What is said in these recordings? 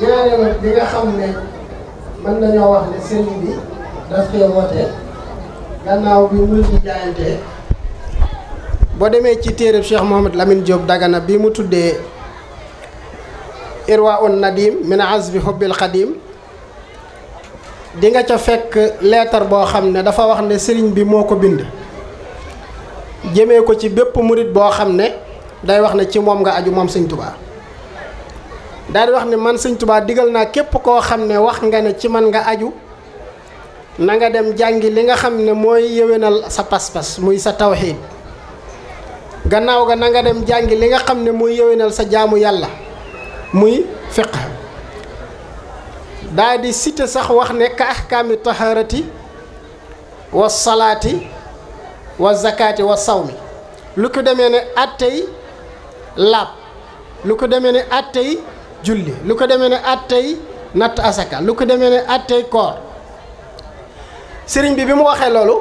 ñaareel bi nga xam ne mën nañoo wax ne sëriñ bi daf koy woote gannaaw bi mu ci jaayantee boo demee ci téere Cheikh Mouhamad Lamine Diop Dagana bi mu tuddee irwa un nadim min azbi hubbil xadim di nga ca fekk leetar boo xam ne dafa wax ne sëriñ bi moo ko bind jëmee ko ci bépp murit boo xam ne day wax ne ci moom nga aju moom sëñ Tuubaa daal di wax ne man sëñ Tuubaa digal naa képp koo xam ne wax nga ne ci man nga aju na nga dem jàngi li nga xam ne mooy yëwénal sa pas-pas muy sa tawxiid gannaaw ga nanga dem jàngi li nga xam ne muy yëwénal sa jaamu yàlla muy fiq daa di cité sax wax ne ka ahkaami taharati wa salaati wa zakaati wa saw mi lu ko demee ne attey laab lu ko demee ne attey julli lu ko demee ne attey natt asaka lu ko demee ne attey koor sëriñ bi bi mu waxee loolu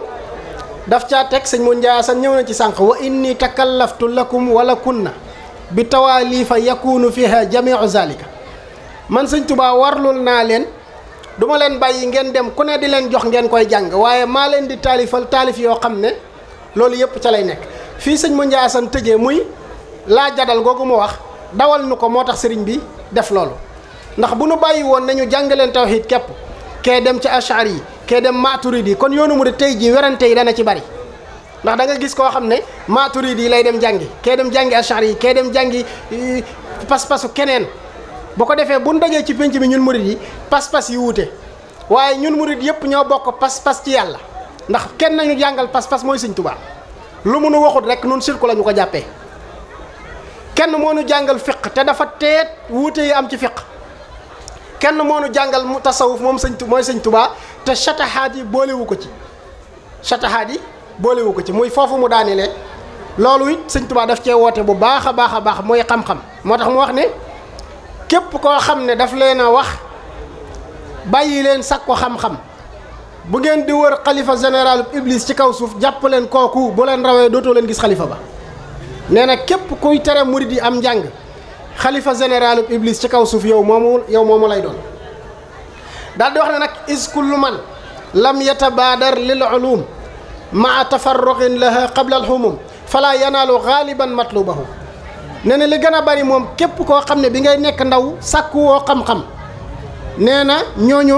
daf caa teg sëñ mu njaasan ñëw na ci sànq wa inni takallaftu lakum wala kunna bi tawaalifa yakunu fiha jamiu zalika man sëñ tubaa warlul naa leen duma leen bàyyi ngeen dem ku ne di leen jox ngeen koy jàng waaye maa leen di taalifal taalif yoo xam ne loolu yëpp ca lay nekk fii sëñ mu njaasan tëjee muy laa jadal googu mu wax dawal nu ko moo tax sëriñ bi def lolu ndax buñu bayyi won nañu jàngaleen tawhid kep ke dem ci ash'ari ke dem maturidi kon yoonu mu de tey ji werante yi dana ci bari ndax da nga gis ko xamne maturidi lay dem jangi ke dem jangi ash'ari ke dem jangi pas euh, passu kenen bu ko defee bu nu ci pénc bi ñun murid yi pas-pas yi wuté waye ñun murid yépp ño bok pas-pas ci yalla ndax kenn nañu jangal pas-pas moy seigne touba lu mënu waxut rek nun sirku lañu ko jappé kenn moo nu jàngal fiq te dafa teet wuute yi am ci fiq kenn moo nu jàngal mu tasawuf moom sëñ mooy sëñ tubaa te chatahaat yi boolewu ko ci chatahaat yi boolewu ko ci muy foofu mu daanile loolu it sëñ tubaa daf cee woote bu baax a baax a baax mooy xam-xam moo tax mu wax ne képp koo xam ne daf leen a wax bàyyi leen sakku xam-xam bu ngeen di wër xalifa général iblis ci kaw suuf jàpp leen kooku bu leen rawee dootoo leen gis xalifa ba nee kep képp kuy tere mouride am jang khalifa général iblis ci kaw souf yow momo yow momo lay don dal di wax nak is kullu man lam yatabadar lil ulum ma tafarruqin laha qabla al humum fala yanaalu ghaliban matlubahu nee li gëna bari mom kep ko xamne bi ngay nek ndaw sàkku wo xam-xam nee ñoñu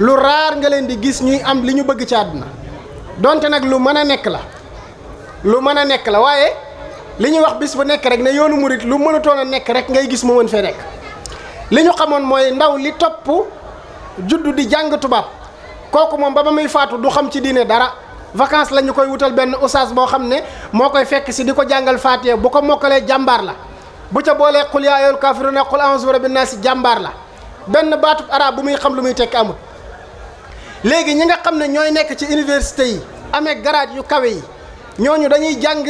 lu rar nga len di gis ñuy am li ñu bëgg ci aduna donte nak lu mëna nek la lu mëna nek la waye li ñuy wax bis bu nekk rek ne yoonu murit lu mënutoon a nekk rek ngay gis mu mën fee nekk li ñu xamoon mooy ndaw li topp juddu di jàng tubaab kooku moom ba muy faatu du xam ci diine dara vacances la ñu koy wutal benn oustaz boo xam ne moo koy fekk si di ko jàngal faatiye bu ko mokkalee jàmbaar la bu ca boolee xul yaa ayyuhal kaafiruuna xul a'uuzu bi rabbin jàmbaar la benn baatub araab bu muy xam lu muy tekki amul léegi ñi nga xam ne ñooy nekk ci université yi amee garaaj yu kawe yi ñooñu dañuy jàng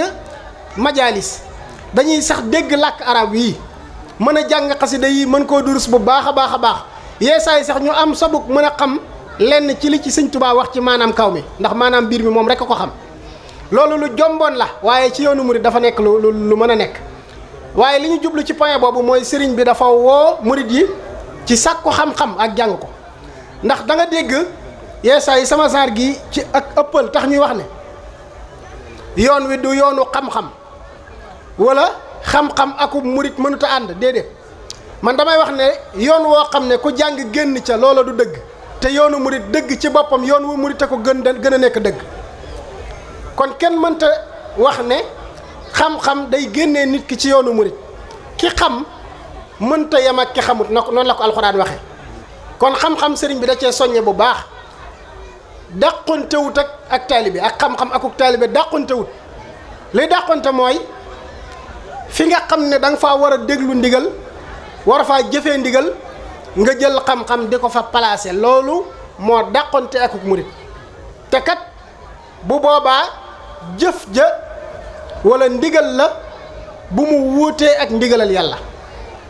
majalis dañuy sax deg lak arab yi meuna jang jàng yi mën ko durus bu baakha baakha baax yeesay sax ñu am sabuk meuna xam lenn ci li ci seigne touba wax ci manam kawmi ndax manam bir mi mom rek ko xam lolu lu jombon la waaye ci yoonu murid dafa nek lu lu meuna nek waye waaye jublu ci point bobu moy serigne bi dafa wo murid yi ci xam-xam ak jang ko ndax da nga deg yeesay sama zargi gi ci ak eppal tax ñuy wax ne yoon wi du yoonu xam-xam wala xam-xam akub murit mënut a ànd déedéet man damay wax ne yoon woo xam ne ku jàng génn ca loola du dëgg te yoonu murit dëgg ci boppam yoon wu murit a ko gën gën a nekk dégg kon kenn mënta wax ne xam-xam day génne nit ki ci yoonu murit ki xam mënta yem ak ki xamut na noonu la ko alxuraan waxe kon xam-xam sëriñ bi da cee soññe bu baax dàqontewut ak ak taalibe ak xam-xam akuk taalibe dàqontewut li dàqonte mooy fi nga xamne ne da nga faa war a ndigal wara fa jëfee ndigal nga jël xam-xam diko fa placer lolu mo dakonté akuk mourid te kat bu boba jëf je wala ndigal la bu mu wuté ak ndigalal yalla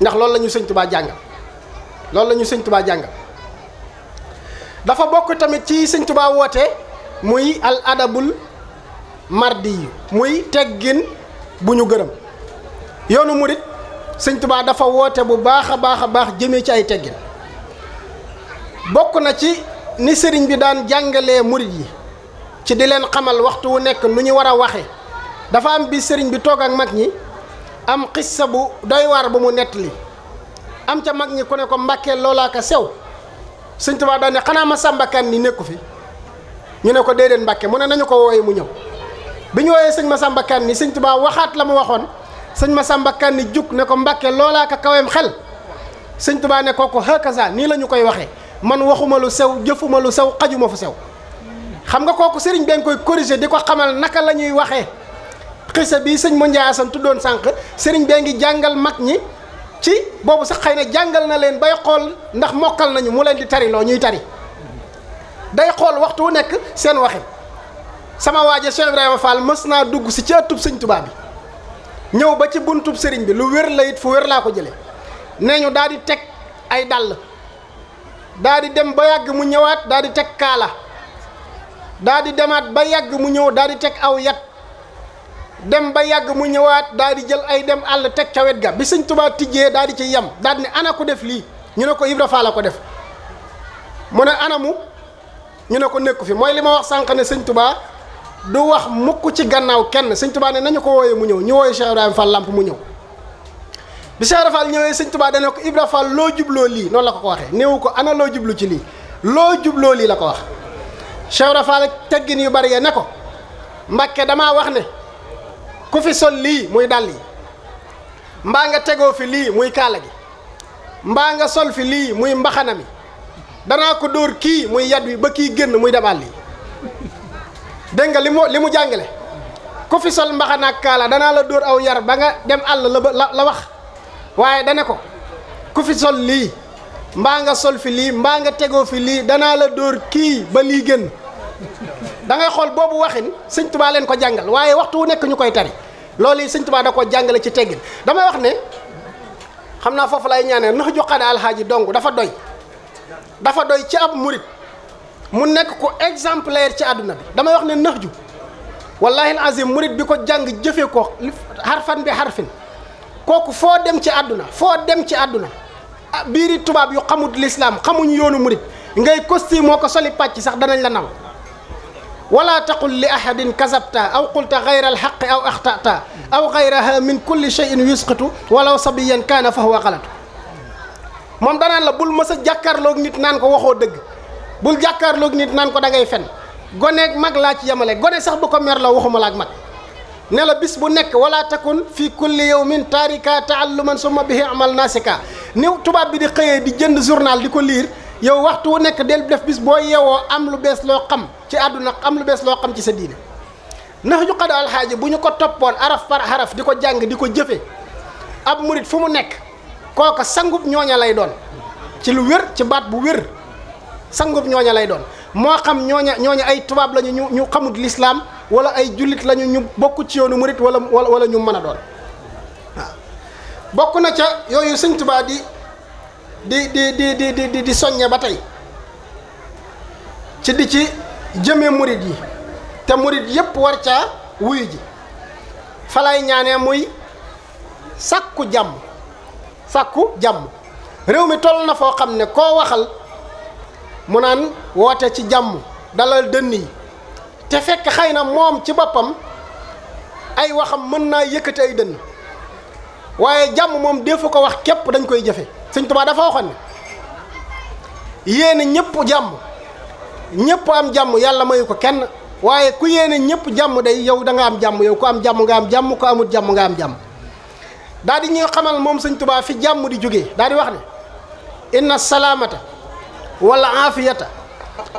ndax lolu la ñu sëñ jang lolu lañu la ñu jang dafa bokk tamit ci sëñ tuba woté muy al adabul mardi muy teggin buñu gëreum yoonu murit sëñtubaa dafa woote bu baax a baax a baax jëmee ci ay teggin bokk na ci ni sëriñ bi daan jàngale murit yi ci di leen xamal waxtu wu nekk nu ñu war a waxe dafa am bi sëriñ bi toogaat mag ñi am xissa bu doy waar bu mu nettali am ca mag ñi ku ne ko mbàkkee loolaa sew sëñ Tuubaa daan ne xanaa ma sàmbakan ni nekku fi ñu ne ko déedéet mbàkke mu ne nañu ko wooye mu ñëw bi ñu wooyee sëñ ma sàmbakan ni sëñ Tuubaa waxaat la mu waxoon sëñ ma Masamba Kanni jug ne ko Mbàkke loolaa ka kaweem xel sëñ Tuubaa ne kooku hakaza nii lañu koy waxee man waxuma lu sew jëfuma lu sew xajuma fu sew xam nga kooku sëriñ bi nga koy corriger di ko xamal naka la ñuy waxee xisa bii sëñ Mandiaye Assane tuddoon sànq sëriñ bee ngi jàngal mag ñi ci boobu sax xëy na jàngal na leen bay xool ndax mokkal nañu mu leen di tari loo ñuy tari day xool waxtu wu nekk seen waxin sama waaje Cheikh Ibrahima Fall mës naa dugg si ci ëttub sëñ Tuubaa ñëw ba ci buntub sëriñ bi lu wér la it fu wér laa ko jële nee ñu daal di teg ay dàll daal di dem ba yàgg mu ñëwaat daal di teg kaala daal di demaat ba yàgg mu ñëw daal teg aw yat dem ba yàgg mu ñëwaat daal di jël ay dem àll teg ca wet ga bi sëñ Tuubaa tijjee daal di ci yam daal di ne ana ko def lii ñu ne ko Ibra Faal ko def mu ne anamu ñu ne ko nekku fi mooy li ma wax sànq ne sëñ tubaa du wax mukk ci gannaaw kenn sëñ tubaa ne nañu ko wooye mu ñëw ñu wooyee Cheikh Ibrahima lamp mu ñëw bi Cheikh Ibrahima Fall dana ko Ibra loo jubloo lii noonu la ko ko waxee néewu ko ana loo jublu ci lii loo jubloo lii la ko wax Cheikh Ibrahima Fall teggin yu bari yee ne ko Mbàkke dama wax ne ku fi sol lii muy dàll yi mbaa nga tegoo fi lii muy kaala gi mbaa nga sol fi lii muy mbaxana mi danaa ko dóor kii muy yat wi ba kii génn muy demaat yi dégg nga limu mu li ku fi sol mbakhana kala dana la dor aw yar ba nga dem all la la wax waye dana ko ku fi sol li mba nga sol fi li mba nga tego fi li dana la dor ki ba li gen da nga xol bobu waxin seigne touba len ko jangal waye waxtu wu nekk tari loli seigne touba da ko jangale ci teggil dama wax ne xamna fofu lay al dong dafa doy dafa doy ci ab mouride mu nek ko exemplaire ci aduna bi dama wax ne nax ju wallahi azim murit bi jàng jeffe ko harfan bi harfin koku fo dem ci aduna fo dem ci aduna biri tubab yu xamut l'islam xamuñ yoonu murit ngay costume moko soli patch sax danañ la naw ولا تقل لأحد ahadin أو قلت غير gayra أو أخطأت أو غيرها gayraha min شيء يسقط ولو صبيا كان فهو غلط مام دا نان لا بول مسا mës a jàkkaarloog nit naan ko bul lok nit nan ko da ngay fen goneeg mag la ci yamalé goné sax bu ko mer la waxuma lak mag né la bis bu nek wala takun fi kulli yawmin tarika taalluman summa bihi amal nasika ni tuba bi di zurnal di jënd journal di ko yow waxtu wu del def bis boo yewo am lu bes lo xam ci aduna am lu bes lo xam ci sa diine nah ju qada al haji buñu ko topon araf par haraf di ko diko di ab murid fumu nek koka sangup ñoña lay doon ci lu wër ci baat bu wër sangub ñoña lay doon mo xam ñoña ñoña ay tubab lañu ñu ñu xamut wala ay julit lañu ñu bokku ci yoonu murit wala wala ñu mëna doon bokku na ca yoyu tuba di di di di di di di di soñe batay ci di ci jëme murit yi te murit yépp war ca wuy ji falay ñaané muy sakku jam sakku jam mi na fo xamne ko waxal mu naan woote ci jàmm dalal dënn yi te fekk xëy na moom ci boppam ay waxam mën naa yëkkati ay dënn waaye jàmm moom defu ko wax képp dañ koy jafe Sëñ Tuubaa dafa waxoon ne yéene ñëpp jàmm ñëpp am jàmm yàlla mayu ko kenn waaye ku yéene ñëpp jàmm dey yow da nga am jàmm yow ku am jàmm nga am jàmm ku amul jàmm nga am jàmm daal di ñuy xamal moom Sëñ tubaa fi jàmm di jóge daal di wax ne inna salaamata wala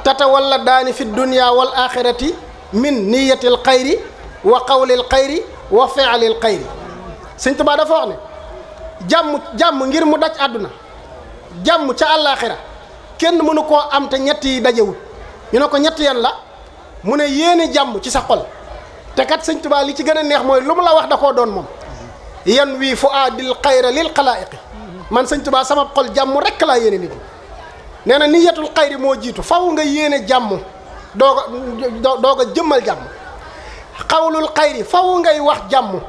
tata wala dani fi dunya wal akhirati min niyatil khairi wa qawlil khairi wa fi'lil khairi seigne touba dafa wax ne jam jam ngir mu daj jam ci al akhirah kenn munu ko am te ñett yi dajewul ñu ne ko ñett yan la mu ne yene jam ci sa xol te kat seigne touba li ci gëna neex moy lu mu la wax da ko doon mom yan wi fu lil man seigne touba sama xol jam rek la yene nit nee na niyatul xayri moo jiitu faw nga yéene jàmm doog a jëmmal jàmm xawlul xayri faw ngay wax jàmm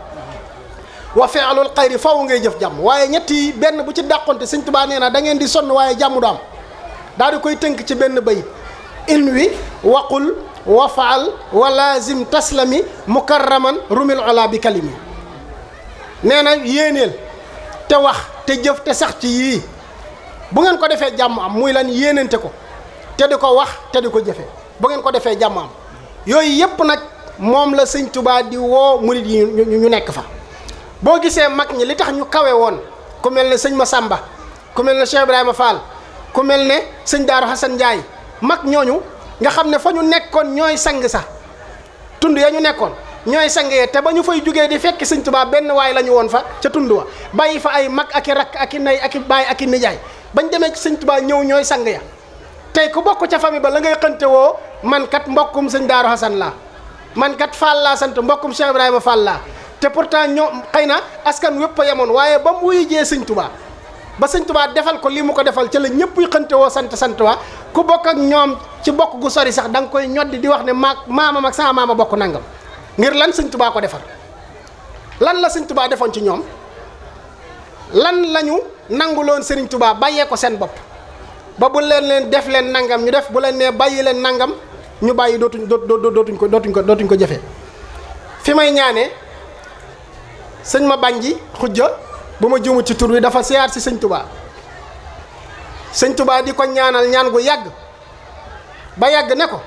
wa fi'lul xayri faw ngay jëf jàmm waaye ñetti benn bu ci dàqonte Sëñ Tuubaa nee na da ngeen di sonn waaye jàmm du am daal di koy tënk ci benn bay inwi waqul wafaal wa laazim taslami mukarraman rumil ola bi kalimi nee na yéeneel te wax te jëf te sax ci yii bu ngeen ko defee jàmm am muy lan yéenante ko te di ko wax te di ko jëfe bu ngeen ko defee jàmm am yooyu yépp nag moom la sëñ Tuubaa di woo murit yi ñu nekk fa boo gisee mag ñi li tax ñu kawe woon ku mel ne sëñ Masamba ku mel ne Cheikh Ibrahima Fall ku mel ne sëñ Daaru Xasan mag ñooñu nga xam ne fa ñu nekkoon ñooy sang sax tund ya ñu nekkoon ñooy sangé té bañu fay juggé di fekk Seigne Touba benn way la won fa ci tund wa bàyyi fa ay mak ak rak ak nay ak bay ak nijaay bañ démé ci Seigne Touba ñew ñooy sang ya tay ku bokku ci fami ba la ngay xënté wo man kat mbokum Seigne Daru hasan la man kat fall la sant mbokum cheikh ibrahima fall la te pourtant ñoo xeyna askan wépp yamon yemoon waaye ba mu wuyu jee ba Seigne Touba defal ko limu ko defal ci la ñëpp xënté wo sant sant wa ku bokk ak ñom ci bokk gu sori sax dang koy ñoddi di wax ne mak mama mak sama mama nangam ngir lan sëñ tubaa ko defar lan la sëñ tubaa defoon ci ñoom lan la ñu nanguloon sëriñ tubaa bàyyee ko seen bopp ba bu leen leen def leen nangam ñu def bu leen nee bàyyi leen nangam ñu bàyyi dootuñ dootuñ ko dootuñ ko dootuñ ko jafe fi may ñaanee sëñ ma bànji xujja bu ma juumut ci tur wi dafa siyaar si sëñ tubaa sëñ tubaa di ko ñaanal ñaan gu yàgg ba yàgg ne ko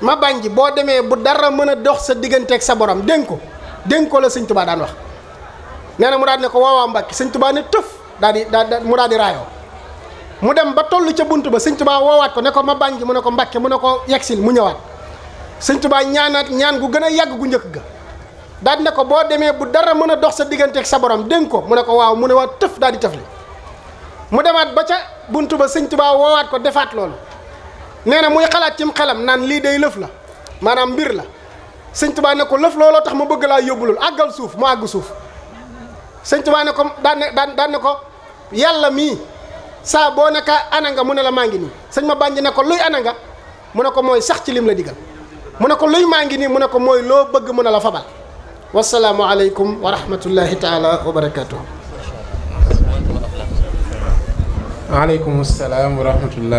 ma bangi bo deme bu dara meuna dox sa ak sa borom denko denko la seigne touba daan wax neena mu daal ne ko waawaa mbacke seigne touba ne teuf daal di mu daal di rayo mu dem ba tollu ci buntu ba seigne touba woowaat ko ne ko ma bangi mu ne ko mbacke mu ne ko yegsil mu ñëwaat seigne touba ñaanat ñaan gu gëna yag gu ñëk ga daal ne ko bo deme bu dara meuna dox sa ak sa borom denko mu ne ko waaw mu ne wa teuf daal di teuf li mu demat ba ca buntu ba seigne touba woowaat ko defaat lolou nee na muy xalaat cim xelam naan lii dey lëf la maanaam mbir la sëñ Tuubaa ne ko lëf looloo tax ma bëgg laa yóbbulul àggal suuf mu àgg suuf sëñ Tuubaa ne ko daan ne daan ne ko yàlla mii saa boo ne ka ananga mu ne la maa ngi nii sëñ ma bànj ne ko luy ananga mu ne ko mooy sax ci lim la digal mu ne ko luy maa ngi nii mu ne ko mooy loo bëgg mën ne la fabal wasalaamu aleykum wa rahmatullahi taala wa barakatuhu aleykum wa rahmatullah